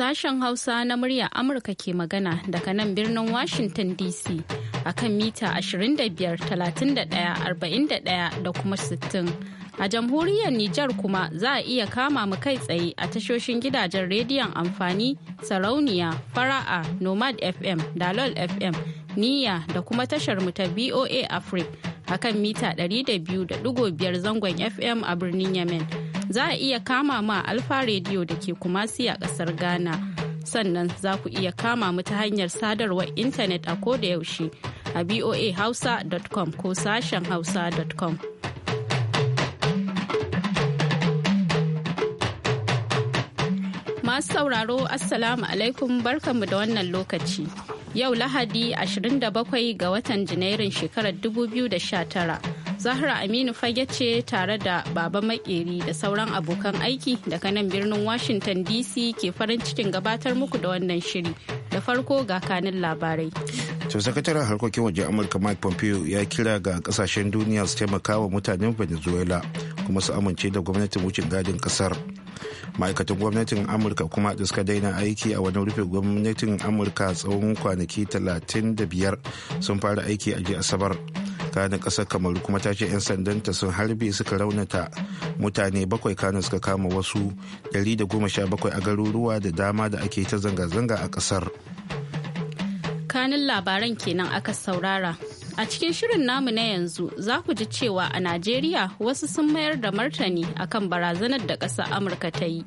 sashen Hausa na murya Amurka ke magana daga nan birnin Washington DC a kan mita 25, 31, da kuma 60. A jamhuriyar Nijar kuma za a iya kama mu kai tsaye a tashoshin gidajen rediyon amfani sarauniya, fara'a, nomad FM, dalol FM, niya da kuma tashar mu ta BOA Africa a kan mita 200.5 zangon FM a birnin Yemen. za a iya kama ma alfa rediyo da ke kumasi a kasar ghana sannan za ku iya kama mu ta hanyar sadarwar intanet a ko da yaushe a voahausa.com ko sashen hausa.com masu sauraro assalamu alaikum barkanmu da wannan lokaci yau lahadi 27 ga watan janairun shekarar 2019 Zahra Aminu fage ce tare da Baba Makeri da sauran abokan aiki daga nan birnin Washington DC ke farin cikin gabatar muku da wannan shiri. Da farko ga kanin labarai. To sakataren harkokin waje Amurka Mike Pompeo ya kira ga kasashen duniya su taimaka wa mutanen Venezuela kuma su amince da gwamnatin wucin gadin kasar. ma'aikatan gwamnatin amurka kuma da suka daina aiki a wani rufe gwamnatin amurka tsawon kwanaki 35 sun fara aiki a asabar kanin kasar kamaru kuma ta ce 'yan sandanta sun harbe suka raunata mutane bakwai kanin suka kama wasu 117 a garuruwa da dama da ake ta zanga-zanga a kasar kanin labaran kenan aka saurara a cikin shirin namu na yanzu za ku ji cewa a najeriya wasu sun mayar da martani akan barazanar da ƙasa amurka ta yi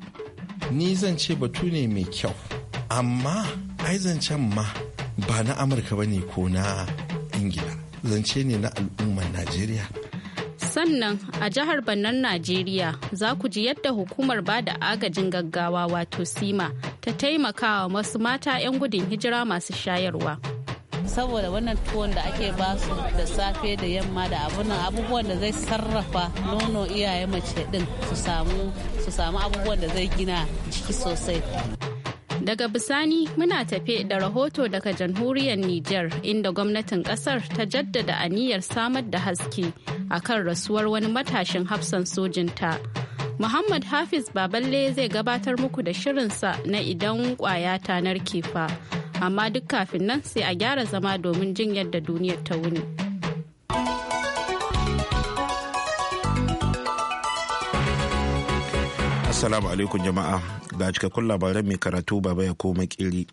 ni zan ce batu ne mai kyau amma ai zancen ma ba na amurka ba ne ko na ingila zance ne na al'ummar najeriya sannan a jihar bannan najeriya za ku ji yadda hukumar ba da agajin gaggawa wato sima ta taimakawa wasu mata 'yan gudun hijira masu shayarwa saboda wannan tuwon da ake basu da safe da yamma da abunan abubuwan da zai sarrafa nono iyaye mace din su samu abubuwan da zai gina jiki sosai Daga bisani muna tafe da rahoto daga jamhuriyar Nijar inda gwamnatin kasar ta jaddada aniyar samar da haske a kan rasuwar wani matashin hafsan sojinta. Muhammad Hafiz Baballe zai gabatar muku da shirinsa na idan kwaya ta narke fa. Amma duk kafin nan sai a gyara zama domin jin yadda duniyar ta wuni. Assalamu alaikum jama'a ga cikakkun labaran mai karatu baba ya koma kiri.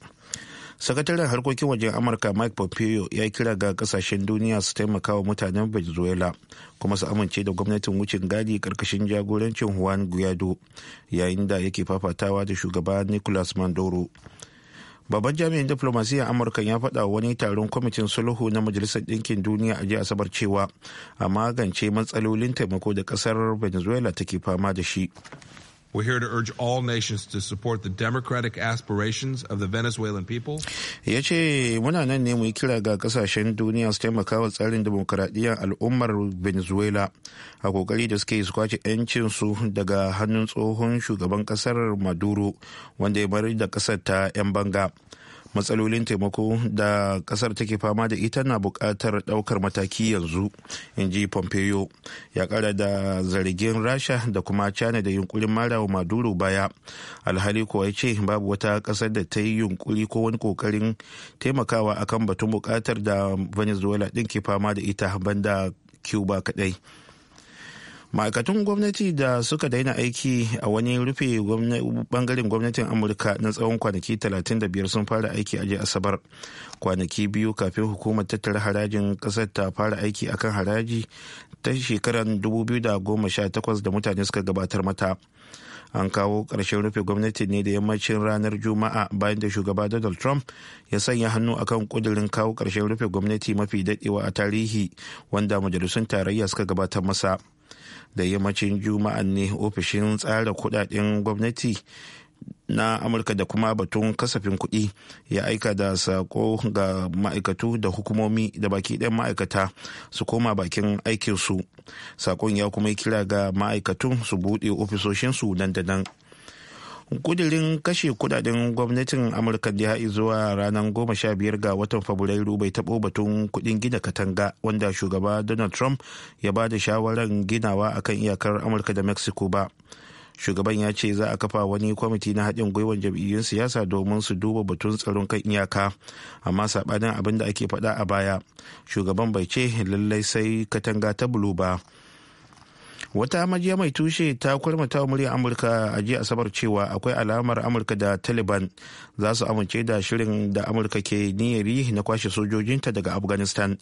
Sakataren harkokin wajen Amurka Mike Pompeo ya kira ga kasashen duniya su taimaka wa mutanen Venezuela kuma su amince da gwamnatin wucin gadi karkashin jagorancin Juan Guaido yayin da yake fafatawa da shugaba Nicolas Maduro. Babban jami'in diplomasiyyar Amurka ya faɗa wani taron kwamitin sulhu na Majalisar Ɗinkin Duniya a jiya Asabar cewa a magance matsalolin taimako da ƙasar Venezuela take fama da shi. Ya ce muna nan ne mu yi kira ga kasashen duniya su taimaka wa tsarin demokaradiyyar al'ummar Venezuela a kokari da suke su kwace 'yancinsu daga hannun tsohon shugaban kasar Maduro wanda ya bari da kasar ta 'yan banga. matsalolin taimako da kasar take fama da ita na buƙatar ɗaukar mataki yanzu in ji pompeo ya ƙara da zargin rasha da kuma china da yunkurin marawa maduro baya alhali kuwa ya ce babu wata ƙasar da ta yi yunkuri ko wani ƙoƙarin taimakawa akan batun buƙatar da venezuela ɗin ke fama da ita banda cuba kaɗai. ma'aikatun gwamnati da suka daina aiki a wani rufe bangaren gwamnatin amurka na tsawon kwanaki 35 sun fara aiki a asabar kwanaki biyu kafin hukumar tattara harajin kasar ta fara aiki akan haraji ta shekarar 2018 da mutane suka gabatar mata an kawo ƙarshen rufe gwamnati ne da yammacin ranar juma'a bayan da shugaba donald trump ya sanya hannu akan kudirin kawo karshen rufe gwamnati mafi daɗewa a tarihi wanda majalisun tarayya suka gabatar masa da yammacin juma'an ne ofishin tsara kudaden gwamnati na amurka da kuma batun kasafin kuɗi ya aika da sako ga ma'aikatu da hukumomi da baki ɗan ma'aikata su koma bakin aikinsu sakon ya kuma kira ga ma'aikatun su buɗe ofisoshinsu nan da nan kudirin kashe kudaden gwamnatin amurka da ya zuwa ranar goma sha biyar ga watan fabrairu bai taɓo batun kudin gina katanga wanda shugaba donald trump ya ba da shawarar ginawa akan iyakar amurka da mexico ba shugaban ya ce za a kafa wani kwamiti na haɗin gwiwar jam'iyyun siyasa domin su duba batun tsaron kan iyaka amma saɓanin abin da ake faɗa a baya shugaban bai ce lallai sai katanga ta bulu ba wata majiya mai tushe ta kwalmata murya amurka a jiya asabar cewa akwai alamar amurka da taliban za su amince da shirin da amurka ke niyyari na kwashe sojojinta daga afghanistan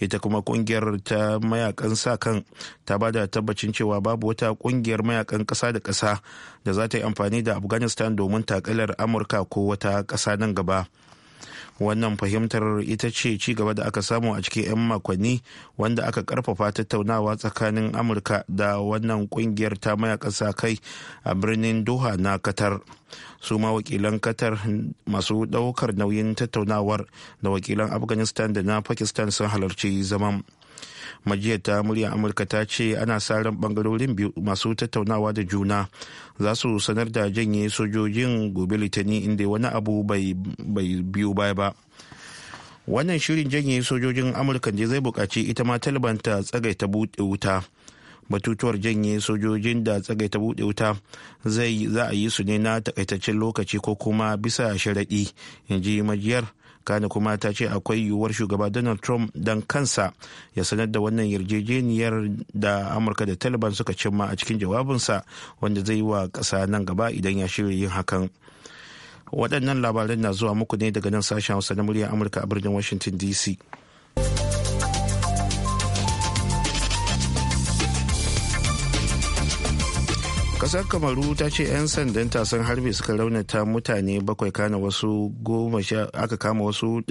ita kuma kungiyar ta mayakan sa kan ta ba da tabbacin cewa babu wata kungiyar mayakan kasa da kasa da za ta yi amfani da afghanistan domin takalar amurka ko wata kasa nan gaba wannan fahimtar ita ce ci gaba da aka samu a cikin 'yan makonni wanda aka karfafa tattaunawa tsakanin amurka da wannan kungiyar ta mayakan kasa kai a birnin doha na qatar su ma wakilan qatar masu daukar nauyin tattaunawar da wakilan afghanistan da na pakistan sun halarci zaman majiyar ta muryar amurka ta ce ana sa ran bangarorin biyu masu tattaunawa da juna za su sanar da janye sojojin gobe litinin inda wani abu bai biyu baya ba wannan shirin janye sojojin amurka ne zai bukaci ita ma taliban ta tsagaita buɗe wuta batutuwar janye sojojin da tsagaita buɗe wuta zai za a yi su ne na takaitaccen lokaci ko kuma bisa sharaɗi in ji majiyar kane kuma ta ce akwai yiwuwar shugaba donald trump don kansa ya sanar da wannan yarjejeniyar da amurka da taliban suka cimma a cikin jawabinsa wanda zai yi wa ƙasa nan gaba idan ya shirya yin hakan waɗannan labaran na zuwa muku ne daga nan sashen hausa na murya amurka a birnin washington dc kasar kamaru ta ce 'yan sandan tasan sun harbe suka raunata mutane bakwai kana wasu aka kama wasu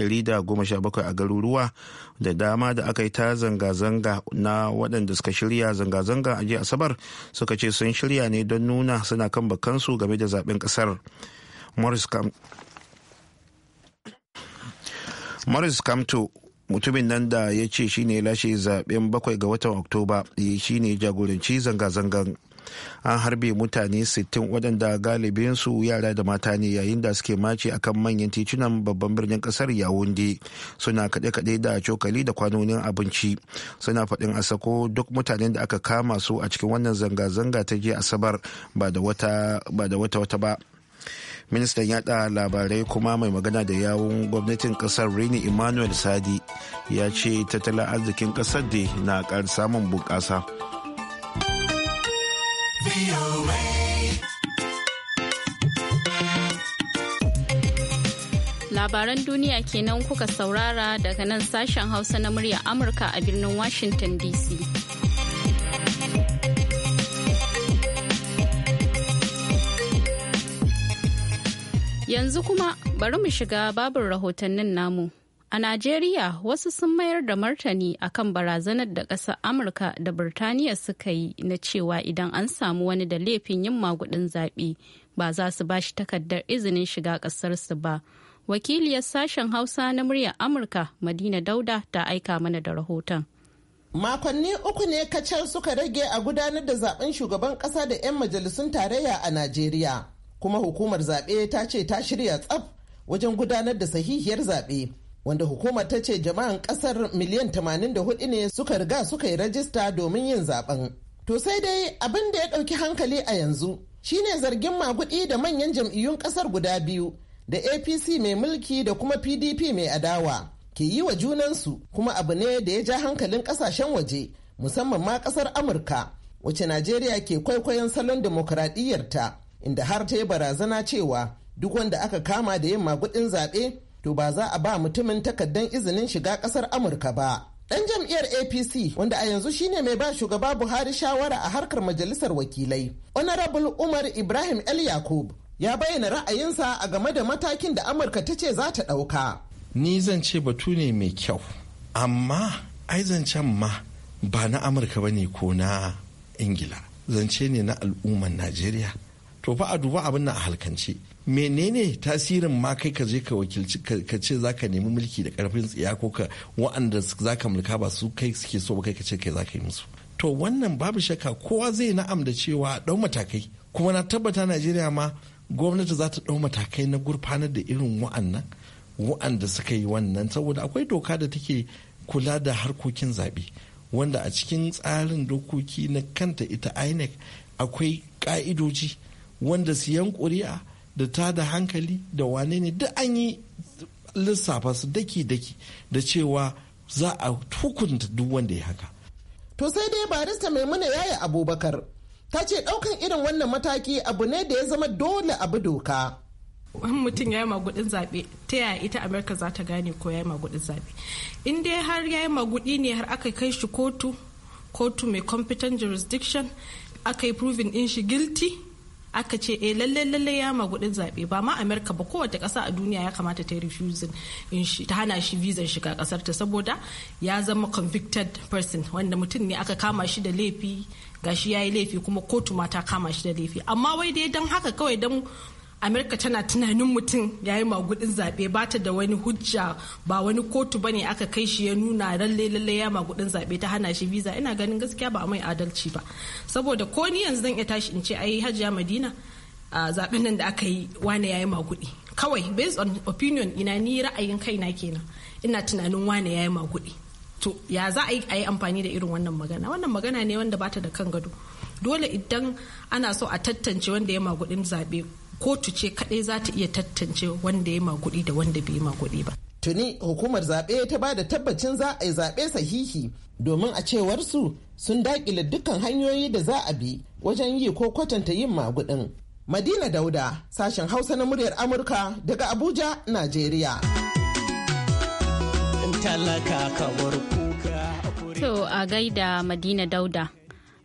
bakwai a garuruwa da dama da aka yi ta zanga-zanga na waɗanda suka shirya zanga-zanga a jiya asabar suka ce sun shirya ne don nuna suna kan bakansu game da zaben kasar morris kamto mutumin nan da ya ce shine lashe zaben bakwai ga watan oktoba shine jagoranci zanga-zangan an harbe mutane 60 waɗanda galibinsu yara da mata ne yayin da suke mace akan manyan titunan babban birnin ƙasar yawunde suna kaɗe-kaɗe da cokali da kwanonin abinci suna faɗin a sako duk mutanen da aka kama su a cikin wannan zanga-zanga ta jiya asabar ba da wata-wata ba. ministan yada labarai kuma mai magana da yawun gwamnatin kasar rini emmanuel sadi ya ce tattalin arzikin kasar da na samun bunƙasa. Labaran duniya kenan kuka saurara daga nan sashen Hausa na murya Amurka a birnin Washington DC. Yanzu kuma bari mu shiga babin rahotannin namu. A Najeriya wasu sun mayar da martani akan barazanar da ƙasar Amurka da Birtaniya suka yi na cewa idan an samu wani da laifin yin magudin zaɓe ba za su ba shi takardar izinin shiga ƙasarsu ba. Wakiliyar sashen Hausa na murya Amurka Madina Dauda ta aika mana da rahoton. makonni uku ne kacal suka rage a gudanar da zaben shugaban kasa da 'yan majalisun tarayya a najeriya kuma hukumar zaɓe ta ce ta shirya tsaf wajen gudanar da sahihiyar zaɓe wanda hukumar ta ce jama'an kasar miliyan 84 ne suka riga suka yi rajista domin yin zaben. To sai dai abin da ya ɗauki hankali a yanzu shine zargin maguɗi da manyan jam'iyyun ƙasar guda biyu da APC mai mulki da kuma PDP mai adawa ke yi wa junansu kuma abu ne da ya ja hankalin ƙasashen waje musamman ma ƙasar Amurka wacce Najeriya ke kwaikwayon salon demokuraɗiyyarta inda har ta yi barazana cewa duk wanda aka kama da yin maguɗin zaɓe to ba za a ba mutumin takaddan izinin shiga kasar amurka ba Ɗan jam'iyyar apc wanda a yanzu shine mai ba shugaba buhari shawara a harkar majalisar wakilai honorable umar ibrahim el yakub ya bayyana ra'ayinsa a game da matakin da amurka ta ce za ta ɗauka ni zan ce batu ne mai kyau amma ai zancen ma ba na amurka ba ne ko na ingila zance ne na al'umman najeriya to fa a duba abin na a halkance menene tasirin ma kai ka je ka wakilci ka ce za ka nemi mulki da karfin tsiya ko ka wa'anda za ka mulka ba su kai suke so ba kai ka ce kai za ka yi musu to wannan babu shakka kowa zai na'am da cewa ɗau matakai kuma na tabbata najeriya ma gwamnati za ta ɗau matakai na gurfanar da irin wa'annan wa'anda suka yi wannan saboda akwai doka da take kula da harkokin zaɓe wanda a cikin tsarin dokoki na kanta ita inec akwai ƙa'idoji wanda siyan kuri'a da ta da hankali da wane ne duk an yi lissafa su daki-daki da cewa za a hukunta duk wanda ya haka. To sai dai barista maimuna yi abubakar ta ce ɗaukan irin wannan mataki abu ne da ya zama dole abu doka. wani mutum ya yi magudin zaɓe ta yaya ita amerika za ta gane ko ya yi magudin zaɓe in dai har ya yi magudi ne har aka kai shi kotu kotu mai competent jurisdiction aka yi proving in shi guilty aka ce eh lalle lalle ya ma gudun zabe ba ma America ba kowace kasa a duniya ya kamata ta refusing in shi ta hana shi visa shiga kasar ta saboda ya zama convicted person wanda mutum ne aka kama shi da laifi gashi ya yi laifi kuma kotu ma ta kama shi da laifi amma wai dai dan haka kawai dan amerika tana tunanin mutum ya yi magudin zaɓe ba ta da wani hujja ba wani kotu ba ne aka kai shi ya nuna lalle lalle ya magudin zaɓe ta hana shi visa ina ganin gaskiya ba mai adalci ba saboda ko ni yanzu zan iya tashi in ce ai hajiya madina a zaɓen nan da aka yi wane ya yi magudi kawai based on opinion ina ni ra'ayin kaina kenan ina tunanin wane ya yi magudi to ya za a yi amfani da irin wannan magana wannan magana ne wanda ba ta da kan gado dole idan ana so a tantance wanda ya magudin zaɓe kotu ce kaɗai za ta iya tantance wanda ya maguɗi da wanda bai maguɗi ba. Tuni hukumar zaɓe ta ba da tabbacin za a yi zaɓe sahihi domin a cewar su sun daƙile dukkan hanyoyi da za a bi wajen yi ko kwatanta yin maguɗin. Madina Dauda, sashen Hausa na muryar Amurka daga Abuja, Najeriya. To a gaida Madina Dauda.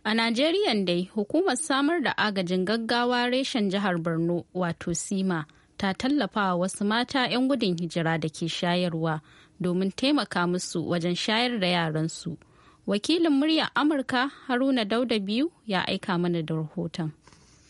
A Najeriya dai hukumar samar da agajin gaggawa reshen jihar Borno wato Sima ta tallafa wa wasu mata 'yan gudun hijira da ke shayarwa domin taimaka musu wajen shayar da yaransu. Wakilin muryar Amurka Haruna Dauda biyu ya aika mana da rahoton.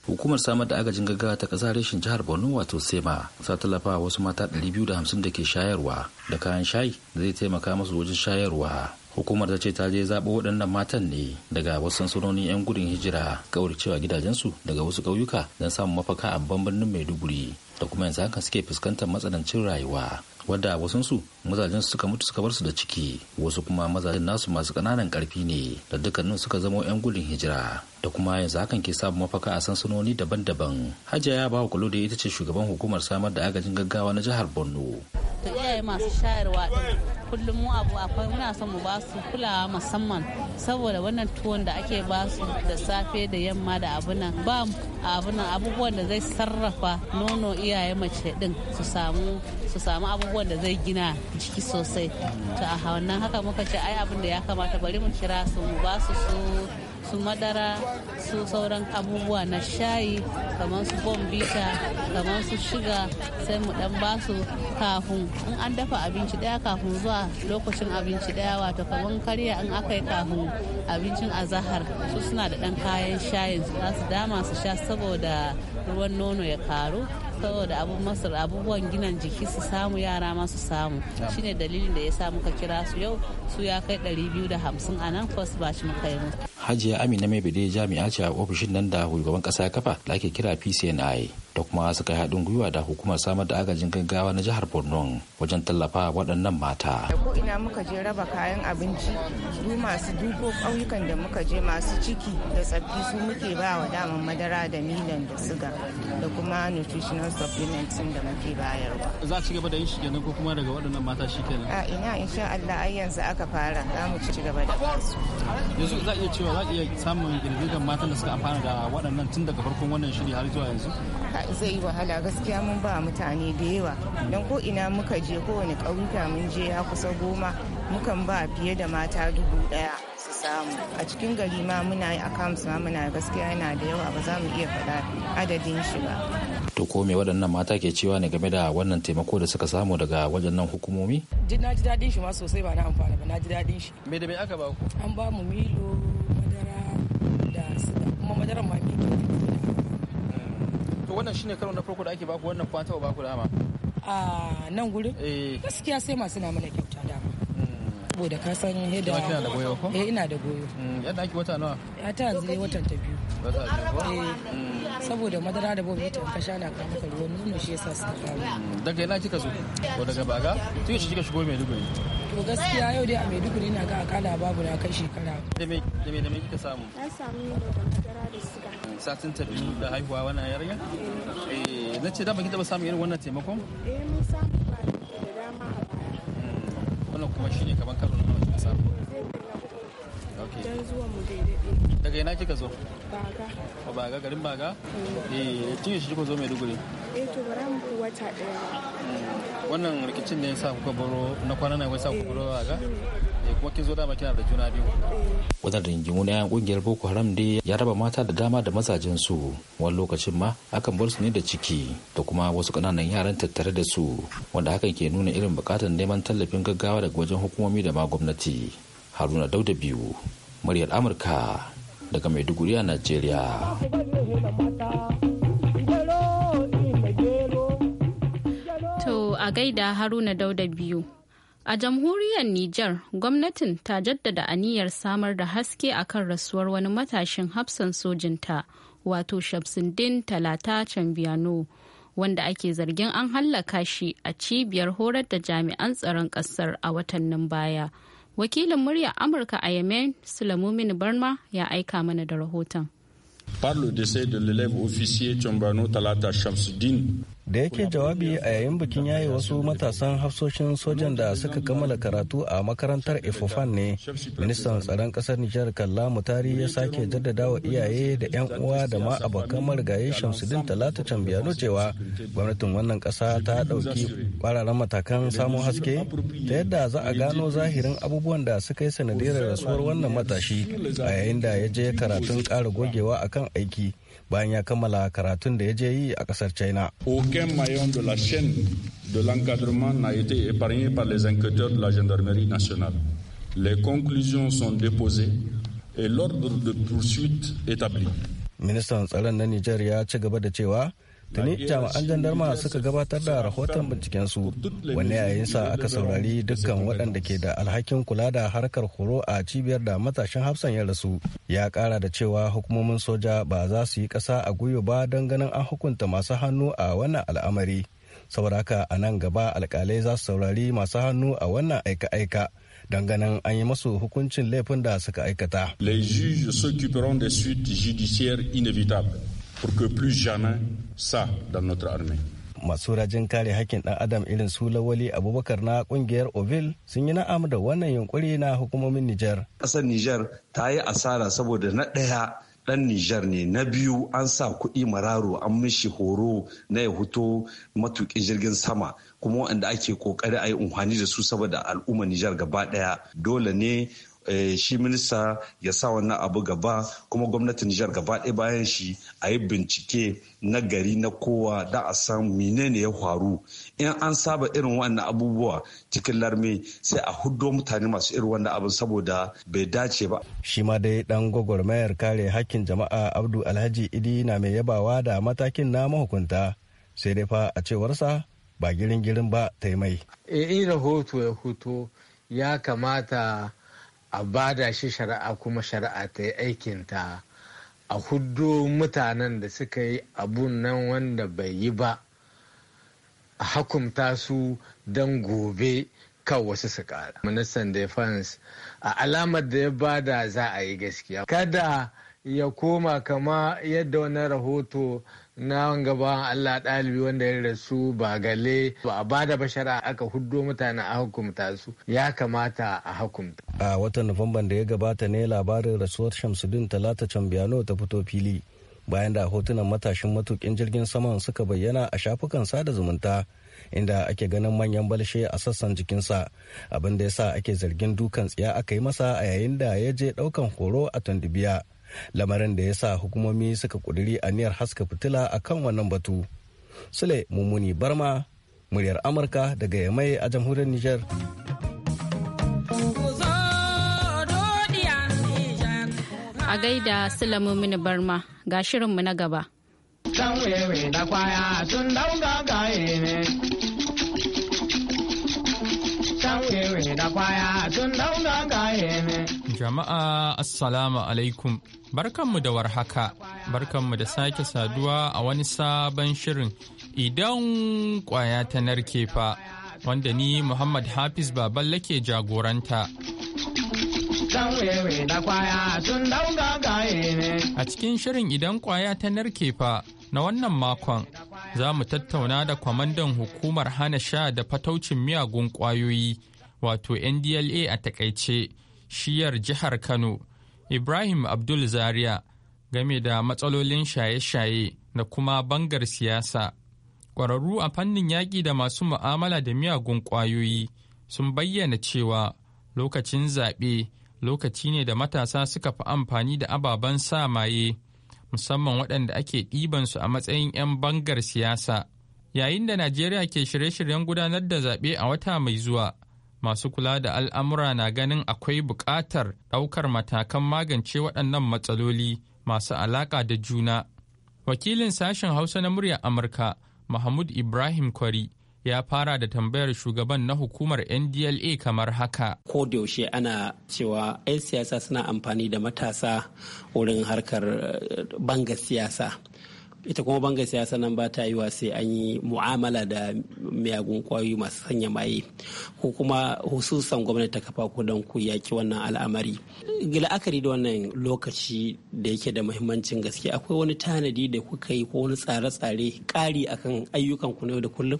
hukumar samar da agajin gaggawa ta ƙasa reshen jihar borno wato sema sa tallafa wasu mata 250 da ke shayarwa da kayan shayi da zai taimaka masu wajen shayarwa hukumar ta ce ta je zaɓo waɗannan matan ne daga wasu sansanonin 'yan gudun hijira kauracewa gidajensu daga wasu ƙauyuka don samun mafaka a babban birnin maiduguri da kuma yanzu haka suke fuskantar matsanancin rayuwa wadda wasunsu mazajen suka mutu suka bar su da ciki wasu kuma mazajen nasu masu kananan karfi ne da dukkanin suka zama 'yan gudun hijira da kuma yanzu hakan ke samun mafaka a sansanoni daban-daban hajiya ya ba kulu da ita ce shugaban hukumar samar da agajin gaggawa na jihar borno da iyaye masu shayarwa kullum mu muna son mu ba kulawa musamman saboda wannan tuwon da ake ba da safe da yamma da abubuwan da zai sarrafa nono iyaye mace din su samu su samu abubuwan da zai gina jiki sosai to a wannan haka muka ce ai abin da ya kamata bari mu kira su mu ba su su su madara su sauran abubuwa na shayi kamar su bombita kamar su shiga sai mu dan su kafin in an dafa abinci daya kafin zuwa lokacin abinci daya wato kamar karya in aka yi kafin abincin azahar su suna da dan kayan shayin su su dama su sha saboda ruwan nono ya karu da abun masar abubuwan ginan jiki su samu yara ma su samu shine dalilin da ya sa muka kira su yau su ya kai 250 a nan first batch muka yi hajiya amina mai bide jami'a ce a ofishin nan da shugaban kasa kafa da ake kira pcni da kuma suka yi haɗin gwiwa da hukumar samar da agajin gaggawa na jihar borno wajen tallafa waɗannan mata ko ina muka je raba kayan abinci su masu dubo ƙauyukan da muka je masu ciki da tsaffi su muke ba wa daman madara da milan da siga da kuma nutritional supplements da muke bayarwa za ci gaba da yin shi kenan ko kuma daga waɗannan mata shi kenan a ina insha Allah ai yanzu aka fara za mu ci gaba da yanzu za iya cewa za iya samun girgizar matan da suka amfana da waɗannan tun daga farkon wannan shiri har zuwa yanzu zai yi wahala gaskiya mun ba mutane da yawa don ko ina muka je kowane ƙauyuka mun je ya kusa goma mukan ba fiye da mata dubu daya su samu a cikin gari ma muna yi a ma muna gaskiya yana da yawa ba za mu iya faɗa adadin shi ba to ko me waɗannan mata ke cewa ne game da wannan taimako da suka samu daga waɗannan hukumomi na ji daɗin shi ma sosai ba na amfana ba na ji daɗin shi me da me aka ba ku an ba mu milo madara da su kuma madaran ma miki wannan shine karo na farko da ake baku wannan kuma ba baku dama a nan gurin eh. gaskiya sai masu na mana kyauta dama hmm. saboda ka san yadda kina da goyo ko eh, ina da goyo hmm, yadda ake wata nawa ya ta yanzu ne watan ta biyu wata eh, hmm. saboda madara da bobi ta kasha na kama maka ruwan shi shi yasa suka kawo daga ina kika zo ko daga baga tun shi kika shigo mai ne? To gaskiya yau dai a Maiduguri na ga akala babu na kai shekara. Da me da me kika samu? Na samu ne da madara da siga. Eh, satin ta biyu da haihuwa wannan yarya eh. eh, na ce da baki taba samu irin wannan taimakon? Eh, mun samu ba da dama a baya. Hmm, wannan kuma shine kaman karo na nawa kika samu? Okay. Dan zuwa mu daidai. Daga ina kika zo? Baga. Ba Baga garin Baga? Hmm. Eh, kin shi kika zo Maiduguri? Eh wannan rikicin ne sa kuka baro na kwana na sa kuka eh. baro ga eh, kuma kin zo dama kina da juna biyu wannan ringimu na yan kungiyar Boko Haram dai ya raba mata da dama da mazajen su wani lokacin ma akan bar su ne da ciki da kuma wasu kananan yaran tattare da su wanda hakan ke nuna irin bukatar neman tallafin gaggawa daga wajen hukumomi da ma gwamnati Haruna Dauda biyu muryar Amurka daga Maiduguri a Najeriya. a gaida Haruna Dauda biyu. A jamhuriyar Nijar, gwamnatin ta jaddada aniyar samar da haske akan rasuwar wani matashin hafsan sojinta, wato Shamsuddin Talata Cambiano, wanda ake zargin an hallaka shi a cibiyar horar da jami'an tsaron kasar a watannin baya. Wakilin muryar Amurka a Yemen, Sulamumin Barma, ya aika mana da rahoton. Par le décès de l'élève officier Chombano Talata Shamsuddin, da yake jawabi a yayin bikin yaye wasu matasan hafsoshin sojan da suka kammala karatu a makarantar efofan ne ministan tsaron kasar nijar kalla mutari ya sake jaddada wa iyaye da 'yan uwa da ma abokan marigaye shamsuddin talata cambiyano cewa gwamnatin wannan kasa ta dauki kwararren matakan samun haske ta yadda za a gano zahirin abubuwan da suka yi sanadiyar rasuwar wannan matashi a yayin da ya je karatun kara gogewa akan aiki aucun maillon de la chaîne de l'encadrement n'a été épargné par les enquêteurs de la gendarmerie nationale les conclusions sont déposées et l'ordre de poursuite établi ministan tuni jami'an jandarma suka gabatar da rahoton bincikensu wanne yayinsa aka saurari dukkan waɗanda ke da alhakin kula da harkar horo a cibiyar da matashin hafsan ya rasu ya kara da cewa hukumomin soja ba za su yi ƙasa a gwiwa ba don ganin an hukunta masu hannu a wannan al'amari saboda haka a nan gaba alkalai za su saurari masu hannu a wannan aika-aika ganin an yi masu hukuncin laifin da suka aikata. Les juges s'occuperont des suites judiciaires inévitables. pour que plus jamais ça dans notre armée. masu rajin kare hakkin ɗan adam irin su lawali abubakar na ƙungiyar ovil sun yi na'am da wannan yunkuri na hukumomin nijar ƙasar nijar ta yi asara saboda na ɗaya ɗan nijar ne na biyu an sa kuɗi mararo an mishi horo na ya huto matuƙin jirgin sama kuma wanda ake ƙoƙari a yi unhani da su saboda al'ummar nijar gaba ɗaya dole ne Eh, shi minista ya sa wannan abu gaba kuma gwamnatin Nijar gaba ɗaya bayan shi a yi bincike na gari na kowa da a san menene ya faru in an saba irin wannan abubuwa cikin larme sai a hudo mutane masu irin wannan abin saboda bai dace ba shi ma dai dan gwagwarmayar kare hakkin jama'a abdu alhaji idi na mai yabawa da matakin na mahukunta sai dai fa a cewarsa ba girin girin ba ta mai. Eh, in rahoto ya huto ya kamata a bada shi shari'a kuma shari'a ta yi aikinta a hudu mutanen da suka yi abun nan wanda bai yi ba a hakumta su don gobe kan wasu su kara. ministan defense a alamar da ya bada za a yi gaskiya kada ya koma kama yadda wani rahoto na gaban Allah ɗalibi wanda ya rasu ba gale ba a bada bashara aka huddo mutane a hukumta su ya kamata a hukumta. A watan Nuwamban da ya gabata ne labarin rasuwar Shamsuddin Talata Cambiano ta fito fili bayan da hotunan matashin matukin jirgin saman suka bayyana a shafukan sada zumunta inda ake ganin manyan balshe a sassan jikinsa abin da ya sa ake zargin dukan tsiya aka yi masa a yayin da ya je daukan horo a Tondibiya. lamarin da ya sa hukumomi suka a aniyar haska fitila a kan wannan batu sule mummuni barma muryar amurka daga yamai a jamhuriyar niger a gaida sule mummuni barma ga shirinmu na gaba da kwaya sun ne da kwaya tun dauna gaye ne. Jama'a Assalamu alaikum. Barkanmu da warhaka. Barkanmu da sake saduwa a wani sabon shirin idan kwaya ta narke fa wanda ni Muhammad Hafiz Baballe lake jagoranta. A cikin shirin idan kwaya ta narke fa na wannan makon za mu tattauna da kwamandan hukumar hana sha da fataucin miyagun kwayoyi wato NDLA a takaice. shiyar jihar Kano, Ibrahim Abdul Zaria game da matsalolin shaye-shaye da kuma bangar siyasa. Ƙwararru a fannin yaƙi da masu mu'amala da miyagun ƙwayoyi sun bayyana cewa lokacin zaɓe lokaci ne da matasa suka fi amfani da ababen sa maye musamman waɗanda ake ɗibansu a matsayin 'yan bangar siyasa. Yayin da Najeriya ke shirye-shiryen gudanar da zaɓe a wata mai zuwa. masu kula da al'amura na ganin akwai buƙatar ɗaukar matakan magance waɗannan matsaloli masu alaƙa da juna. Wakilin sashen Hausa na muryar Amurka, Mahmud Ibrahim Kwari, ya fara da tambayar shugaban na hukumar ndla kamar haka ko da yaushe ana cewa 'yan siyasa suna amfani da matasa wurin harkar eh, banga siyasa ita kuma banga siyasa nan ba ta yi wa sai an yi mu'amala da miyagun kwayoyi masu sanya maye ko kuma hususan gwamnati ta kafa ku don ku yaki wannan al'amari la'akari da wannan lokaci da yake da muhimmancin gaske akwai wani tanadi da kuka yi ko wani tsare-tsare kari akan ayyukan ku na yau da kullum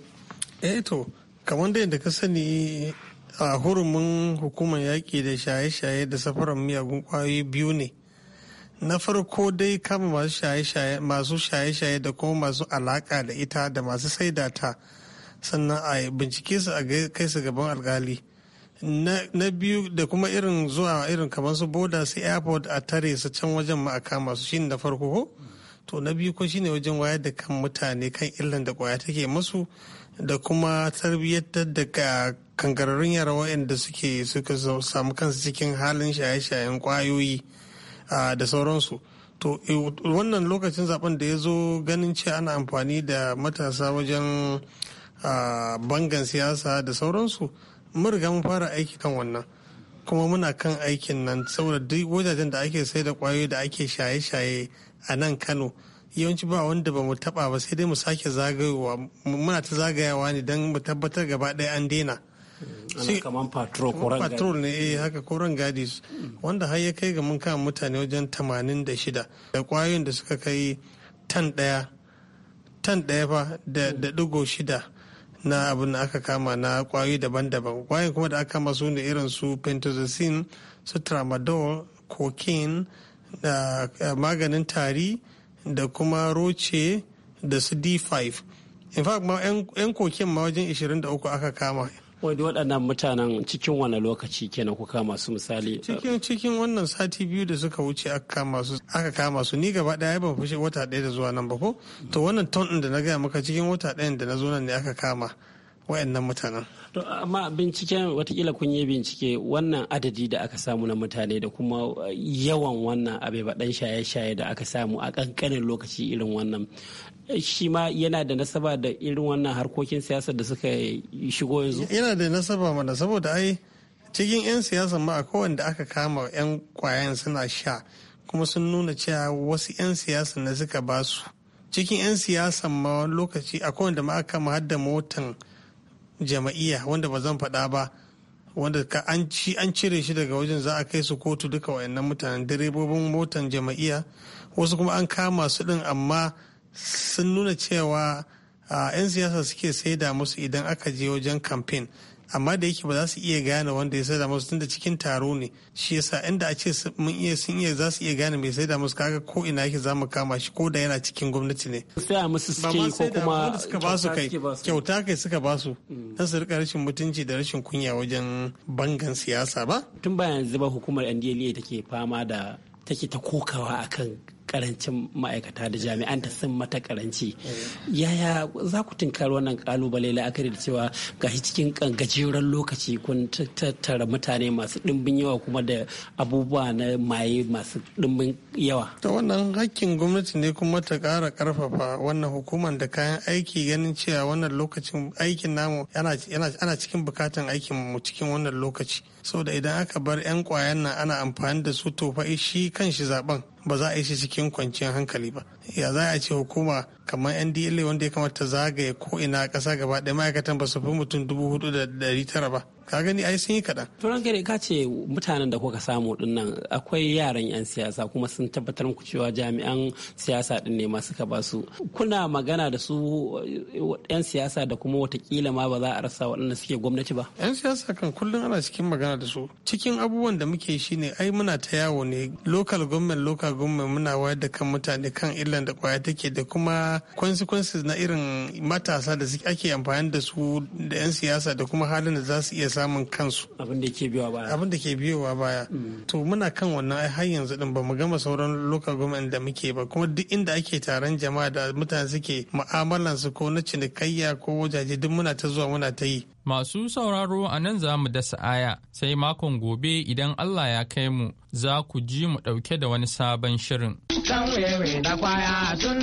eh to kamar da yadda ka sani a hurumin hukumar yaƙi da shaye-shaye da safaran miyagun kwayoyi biyu ne na farko dai kama masu shaye-shaye da kuma masu alaka da ita da masu saida ta sannan a bincike su a kai su gaban alkali na biyu da kuma irin zuwa irin kamar su boda su airport a tare su can wajen ma a kama su shine na farko ko to na biyu ko shine wajen wayar da kan mutane kan illan da kwaya take musu da kuma tarbiyyar da kangararrun yara wa'anda suke suka samu kansu cikin halin shaye-shayen kwayoyi da sauransu to e, wannan lokacin zaben da ya zo ganin ce ana amfani da matasa wajen bangan siyasa da sauransu mun riga mun fara aiki kan wannan kuma muna kan aikin nan saboda duk wajajen da ake sai da kwayoyi da ake shaye-shaye a nan kano yawanci ba wanda ba mu taba ba sai dai mu sake zagayowa muna ta zagayawa ne don mu tabbatar gaba ɗaya an daina ana kaman patrol koran gadi patrol ne eh haka koran gadi wanda har ya kai ga mun kama mutane wajen 86 da kwayoyin da suka kai tan daya tan daya fa da digo shida na abin da aka kama na kwayoyi daban-daban kwayoyin kuma da aka kama su ne irin su pentazocin su tramadol cocaine da eh, maganin tari da kuma roce da su d5 in fact ma 'yan kokin ma wajen 23 aka kama wai waɗannan mutanen cikin wani lokaci kenan ku kama su misali cikin wannan sati biyu da suka wuce aka kama su ni gaba ɗaya ba fushi wata ɗaya da zuwa nan ba ko to wannan ton ɗin da na gaya maka cikin wata ɗayan da na zo nan ne aka kama wayannan mutanen. To amma binciken watakila kun yi bincike wannan adadi da aka samu na mutane da kuma eh, yawan wannan abai baɗan shaye-shaye da aka samu a ƙanƙanin lokaci irin wannan shi ma yana da nasaba da irin wannan harkokin siyasa da suka shigo yanzu yana da nasaba mana saboda ai cikin 'yan siyasa ma akwai wanda aka kama 'yan kwayan suna sha kuma sun nuna cewa wasu 'yan siyasa na suka ba su cikin 'yan siyasa ma wani lokaci akwai wanda ma aka kama hadda motan jama'iyya wanda ba zan faɗa ba wanda ka an cire shi daga wajen za a kai su kotu duka wayannan mutanen direbobin motan jama'iyya wasu kuma an kama su din amma sun nuna cewa 'yan siyasa suke saida musu idan aka je wajen kamfen amma da yake ba za su iya gane wanda ya saida musu tunda cikin taro ne shi yasa inda a ce mun iya sun iya za su iya gane mai saida musu kaga ko ina yake za mu kama shi ko da yana cikin gwamnati ne sai musu suke ko kuma kyauta kai suka ba su mm. dan su rika rashin mutunci da rashin kunya wajen bangan siyasa ba tun bayan ba hukumar NDLA take fama da take ta kokawa akan karancin ma'aikata da jami'anta sun mata karanci yaya za ku tunkar wannan kalubale la'akari da cewa shi cikin gajeren lokaci kun tattara mutane masu ɗimbin yawa kuma da abubuwa na maye masu ɗimbin yawa ta wannan hakkin gwamnati ne kuma ta ƙara ƙarfafa wannan hukumar da kayan aiki ganin cewa wannan lokacin aikin namu ana cikin bukatan aikin mu cikin wannan lokaci saboda idan aka bar 'yan kwayan nan ana amfani da su to shi kan shi zaben ba za a yi shi cikin kwanciyar hankali ba ya za a ce hukuma kamar yan dla wanda ya kamata zagaye ko ina ƙasa gaba ɗaya ma'aikatan ba su fi mutum dubu hudu da ɗari tara ba ka gani ai sun yi kaɗan. turan gare ka ce mutanen da kuka samu nan akwai yaran 'yan siyasa kuma sun tabbatar muku cewa jami'an siyasa din ne masu ka ba su kuna magana da su 'yan siyasa da kuma watakila ma ba za a rasa waɗanda suke gwamnati ba. 'yan siyasa kan kullum ana cikin magana da su cikin abubuwan da muke shi ne ai muna ta yawo ne local government local government muna wayar da kan mutane kan illan da kwaya take da kuma consequences na irin matasa da ake amfani da su da 'yan siyasa da kuma halin da za su iya samun kansu abin da ke biyowa baya mm. to muna kan wannan ai har yanzu din ba mu gama sauran local government da muke ba kuma duk inda ake taron jama'a da mutane suke mu'amalan su ko na cinikayya ko wajaje duk muna ta zuwa muna ta yi Masu sauraro a nan za mu dasa aya sai makon gobe idan Allah ya kai mu za ku ji mu ɗauke da wani sabon shirin. Can da kwaya sun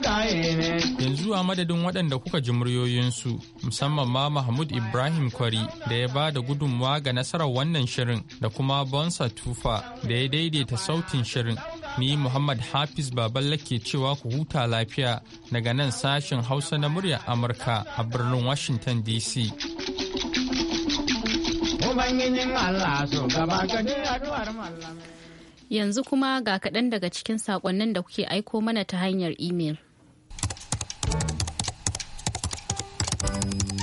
gaye ne yanzu madadin waɗanda kuka ji muryoyinsu musamman ma Mahmud Ibrahim Kwari da ya ba da gudunmawa ga nasarar wannan shirin da kuma Bonsa Tufa da ya daidaita sautin shirin. Ni Muhammad Hafiz Baballa ke cewa ku huta lafiya daga nan sashen Hausa na muryar Amurka a birnin Washington DC. Yanzu kuma ga kaɗan daga cikin saƙonnin da kuke aiko mana ta hanyar imel. Thank you.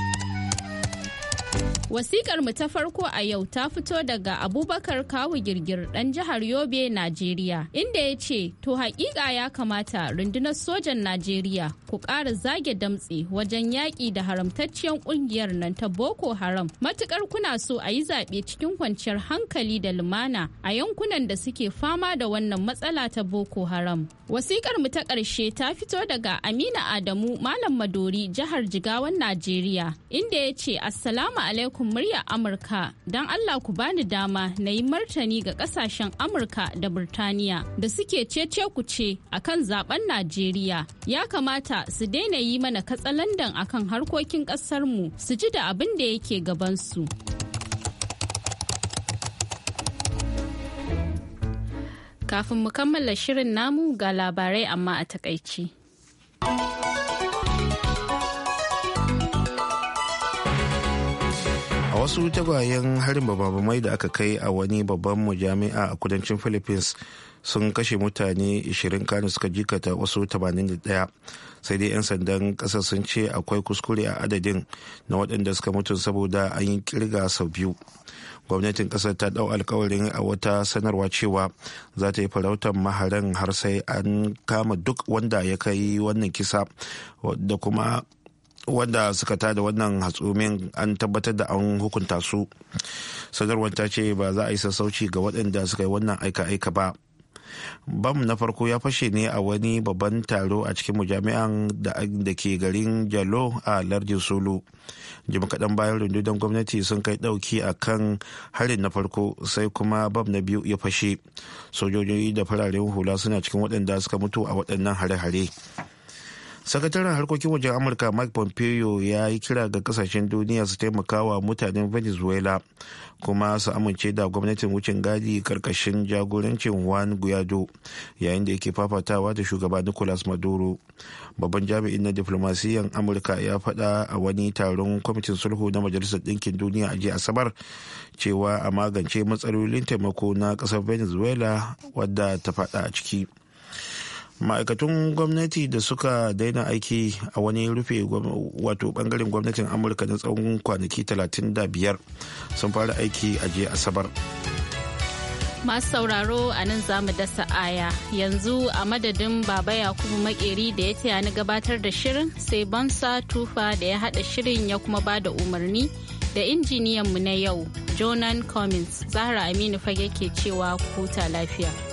Wasikar mu ta farko a yau ta fito daga Abubakar Kawu Girgir ɗan jihar Yobe, Najeriya, inda ya ce, To haƙiƙa ya kamata rundunar sojan Najeriya ku ƙara zage damtse wajen yaƙi da haramtacciyar ƙungiyar nan ta Boko Haram. Matuƙar kuna so a yi zaɓe cikin kwanciyar hankali da lumana a yankunan da suke fama da wannan matsala ta Boko Haram. Wasikar mu ta ƙarshe ta fito daga Amina Adamu Malam Madori jihar Jigawan Najeriya, inda ya ce, Assalamu alaikum alaikum murya Amurka don Allah ku bani dama na yi martani ga kasashen Amurka da Burtaniya da suke cece ku ce akan zaben Najeriya. Ya kamata su daina yi mana katsalandan kan harkokin ƙasarmu su ji da abin da yake gabansu. Kafin mu kammala shirin namu ga labarai amma a takaici. wasu tagwayen harin mai da aka kai a wani babban majami'a a kudancin philippines sun kashe mutane 20 kanu suka jikata wasu 81 sai dai 'yan sandan kasar sun ce akwai kuskure a adadin na waɗanda suka mutu saboda an yi kirga sau biyu gwamnatin kasar ta ɗau alkawarin a wata sanarwa cewa za ta yi farautar maharan har sai an kama duk wanda ya kai wannan kisa da kuma wanda suka ta da wannan hatsumin an tabbatar da an hukunta su sadarwar ta ce ba za a yi sassauci ga waɗanda suka yi wannan aika-aika ba bam na farko ya fashe ne a wani babban taro a cikin mujami'an da ke garin jalo a lardin solo jim kaɗan bayan rundunar gwamnati sun kai ɗauki a kan harin na farko sai kuma bam na biyu ya fashe sojoji da fararen hula suna cikin waɗanda suka mutu a waɗannan hare-hare sakataren harkokin wajen amurka mike pompeo ya yi kira ga kasashen duniya su taimaka wa mutanen venezuela kuma su amince da gwamnatin wucin gadi karkashin jagorancin juan guaido yayin da yake fafatawa da shugaba nicolas maduro babban jami'in na diflomasiyan amurka ya faɗa a wani taron kwamitin sulhu na majalisar ɗinkin duniya a jiya asabar cewa a magance matsalolin taimako na ƙasar venezuela wadda ta faɗa a ciki. ma'aikatun gwamnati da suka daina aiki a wani rufe wato bangaren gwamnatin amurka na tsawon kwanaki 35 sun fara aiki a jiya asabar masu sauraro a nan za mu dasa aya yanzu a madadin baba yakubu makeri da ya taya ni gabatar da shirin sai bansa tufa da ya hada shirin ya kuma ba da umarni da injiniyanmu na yau jonan cummins zahra aminu fage ke cewa kuta lafiya